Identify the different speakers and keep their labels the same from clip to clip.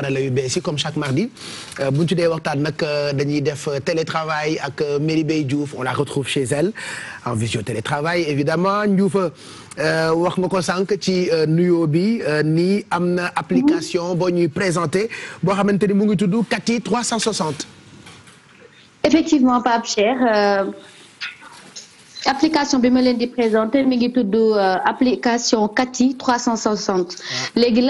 Speaker 1: xarala yu bees yi comme chaque mardi euh, bu ñu tuddee waxtaan nag euh, dañuy def euh, télétravail ak Mérie Bey on la retrouve chez elle en visio télétravail évidemment Ndioufa wax nga ko sànq ci nuyoo bi nii am na application mhm. boo ñuy présenté boo xamante ni mu ngi tudd Cathy 360.
Speaker 2: effectivement Pape Cheikh application bi ma leen di présenté mi ngi application Cathy ah. 360. léegi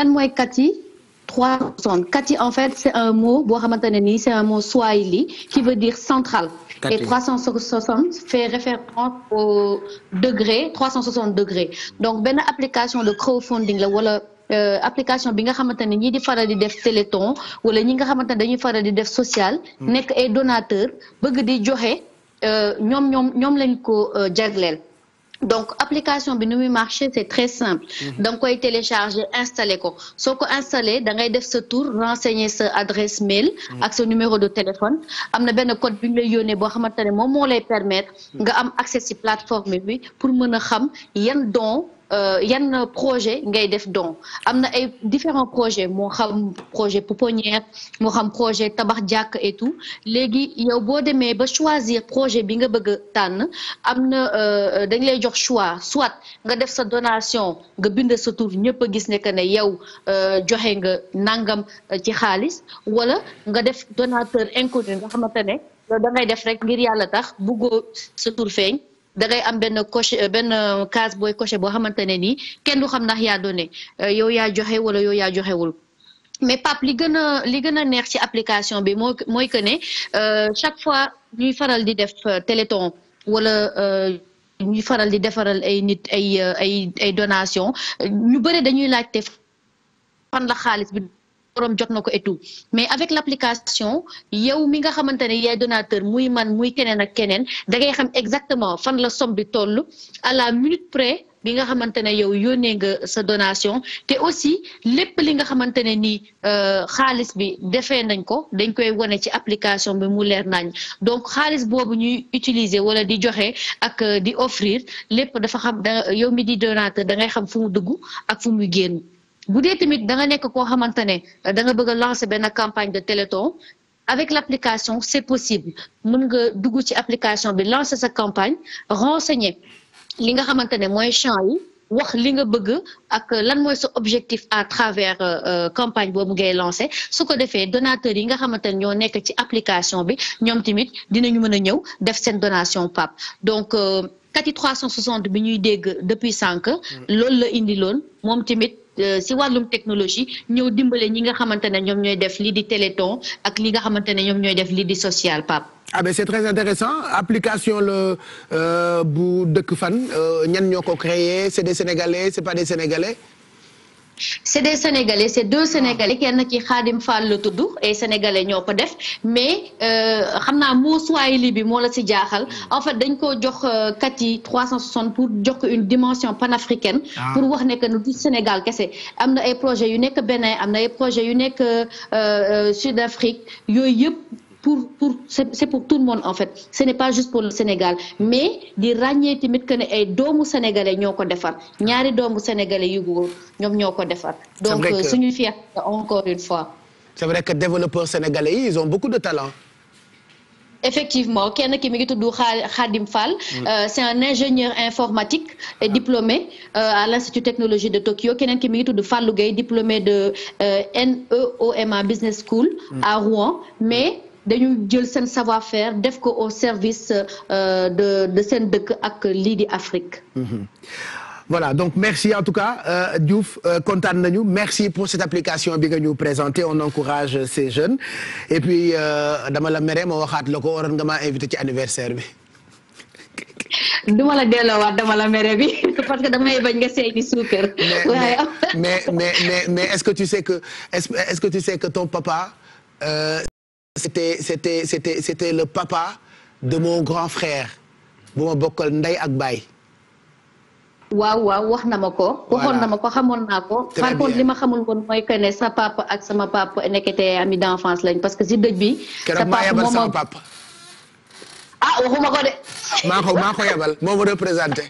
Speaker 2: trois personnes kati en fait c'est un mot boo xamante ne nii c'est un mot swahili qui veut dire central et 360 fait référence au degré 360 degrés donc benn application de crowdfunding la wala euh, application bi nga xamante ne ñii di faral di def téléthon wala ñi nga xamante ne dañuy faral di def social hmm. nekk ay donateur bëgg di joxe euh, ñoom ñoom ñoom lañ ko euh, jagleel donc application bi nu muy marché c'est très simple mhm. da nga koy télécharger installer ko soo ko installer da ngay def sa tour renseigner sa adresse mail mhm. ak sa numéro de téléphone am na benn code bi ñu lay yónnee boo xamante ne moom moo lay permettre mhm. nga am accès si plateforme bi pour mën a xam yan don Euh, yan projet ngay def don am na ay différents projets moo xam projet pouponnière moo xam projet tabax jàkk et léegi yow boo demee ba choisir projet bi nga bëgg tànn am na euh, dañ lay jox choix soit nga def sa donation nga bind sa tur ñëpp a gis ne que ne yow euh, joxe nga nangam ci xaalis wala nga def donateur inconnu nga xamante ne da def rek ngir yàlla tax buggo sa tur feeñ da ngay am benn coche euh, benn euh, case booy coché boo xamante ne nii kenn du xam ndax yaa doone euh, yow yaa joxe wala yow yaa joxewul mais Pape li gën a li gën a neex ci application bi moo mooy que ne chaque fois ñuy faral di def téléthon wala ñuy faral di defaral ay nit ay ay ay donation ñu bëri dañuy laajte fan la xaalis borom jot na ko et tout mais avec l'application yow mi nga xamante ne yaay donateur muy man muy keneen ak keneen da xam exactement fan la somme bi toll à la minute près bi nga xamante ne yow yónnee nga sa donation te aussi lépp li nga xamante ne nii euh, xaalis bi defee nañ ko dañ koy wane ci application bi mu leer nañ donc xaalis boobu ñuy utiliser wala di joxe ak euh, di offrir lépp dafa xam da yow mi di donateur da ngay xam fu mu dugg ak fu muy génn. bu dee tamit da nekk koo xamante ne euh, da nga bëgg a lancer benn campagne de téléthon avec l'application c'est possible mën nga dugg ci application bi lancer sa campagne renseigner li nga xamante ne mooy champs yi wax li nga bëgg ak lan mooy sa objectif à travers euh, euh, campagne boobu ngay lancé su ko defee donateurs yi nga xamante ne ñoo nekk ci application bi ñoom tamit dinañu mën a ñëw def seen donation pap donc Kati 360 bi ñuy dégg depuis sànq. Mm. loolu la indi loon moom tamit. si wàllum technologie ñëw dimbale ñi nga xamante ne ñoom ñooy def lii di téléthon ak li nga xamante ne ñoom ñooy def lii di social Pape.
Speaker 1: ah ben c'est très intéressant application la euh, bu dëkk fan euh, ñan ñoo ko créé c'est des sénégalais c'est pas des sénégalais.
Speaker 2: c'est des sénégalais c'est deux sénégalais kenn ki Xaadim Fall la tudd ay sénégalais ñoo ko def mais euh, xam naa moo Swahili bi moo la si jaaxal mm. en fait dañ ko jox kat yi 360 pour jox ko une dimension panafricaine. Ah. pour wax ne que nu du Sénégal kese am na ay projets yu nekk Bénin am na ay projet yu nekk euh, euh, Sud Afrique yooyu yëpp. pour pour c'est pour tout le monde en fait ce n'est pas juste pour le Sénégal mais di ràññee tamit que ne ay doomu sénégalais ñoo ko defar ñaari doomu sénégalais yu góor ñoom ñoo ko defar donc euh, suñu fierté encore une fois
Speaker 1: c'est vrai que développeurs sénégalais yi ils ont beaucoup de talent
Speaker 2: effectivement kenn ki mi ngi tudd Khadim Fall euh, c'est un ingénieur informatique et ah. diplômé euh, à l'Institut technologie de Tokyo keneen ki mi ngi tudd Fallou Gueye de NEOMA Business School mm. à Rouen mais dañu jël seen savoir faire def ko au service euh, de de seen dëkk ak lii di Afrique.
Speaker 1: Mhm. voilà donc merci en tout cas euh, Diouf euh, kontaan nañu merci pour cette application bi nga ñu présenter on encourage ces jeunes et puis dama la mere ma waxaat la ko waroon nga maa invité ci anniversaire bi.
Speaker 2: duma la delloowaat dama la mere bi parce que damay bañ nga seey di suukar. waaye
Speaker 1: mais mais mais mais est-ce que tu sais que est-ce est-ce ton papa. c'était c'était c'était c'était le papa de mon grand frère bu ma bokkal ndey ak baay.
Speaker 2: waaw waaw wax na ma ko. waxoon na ma ko xamoon naa ko. par contre li ma xamul woon mooy que ne sa papa ak sama papa nekkatee ami d'enfance lañ parce que si dëj bi. sa papa moom sama papa. ah
Speaker 1: waxuma ko de. maa ko maa moo ma représenté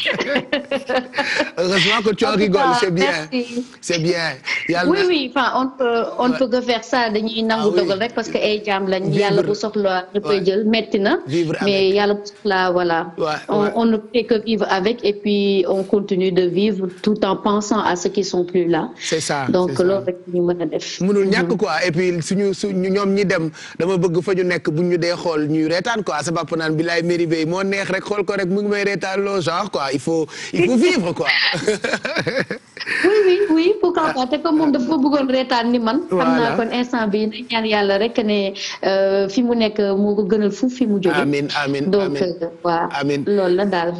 Speaker 1: heureusement que tu en rigoles c'est bien c'est bien.
Speaker 2: on peut peut que faire ça dañuy ah nangu dogal rek parce que ay jaam lañ. yàlla bu soxla ñëppay jël metti na. mais yàlla bu soxla voilà. on on ne fait que vivre avec et puis on continue de vivre tout en pensant à ceux qui sont plus là. c'est ça donc loolu
Speaker 1: rek ñu mën a def. mënul ñàkk mhm. quoi et puis suñu suñu ñoom dem dama bëgg fa ñu nekk bu ñu dee xool ñuy reetaan quoi sabab naan bilaay Merry Beye moo neex rek xool ko rek mu ngi may reetaanloo genre quoi il faut vivre quoi.
Speaker 2: oui oui pourquoi pas te comme moom dafa bëggoon reetaan ni man. xam naa kon instant bi na ñaan yàlla rek ne euh, fi mu nekk moo ko gënal fu fi mu
Speaker 1: jóge. amiin amiin donc waaw. Euh, amiin
Speaker 2: loolu la daal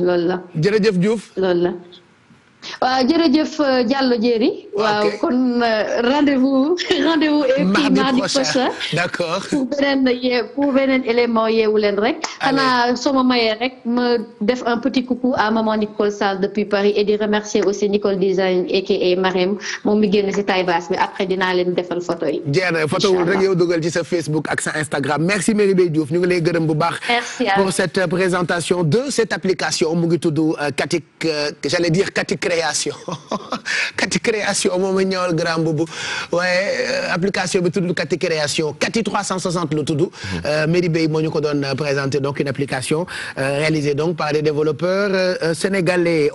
Speaker 2: waaw jërëjëf euh, Diallo Diéry. waaw kon euh, rendez-vous. rendez-vous et puis mardi prochain d'accord pour beneen yee élément yeewu leen rek. xanaa soo ma rek ma def un petit coucou à maman Nicole Sall depuis Paris et di remercier aussi Nicole Design aka Marème moom mi génn si taille basse après dinaa leen defal
Speaker 1: photo yi. jeex photo wul rek yow ci sa Facebook ak sa Instagram merci Merry Beye ñu ngi lay gërëm bu baax. pour cette présentation de mu ngi tudd euh, Katik j'allais dire Katik création création moom a ñëwal grand boobu euh, application bi tudd kati création kati 360 la tudd. Mairie Bay présenté donc une application euh, réalisée donc par des développeurs euh, sénégalais.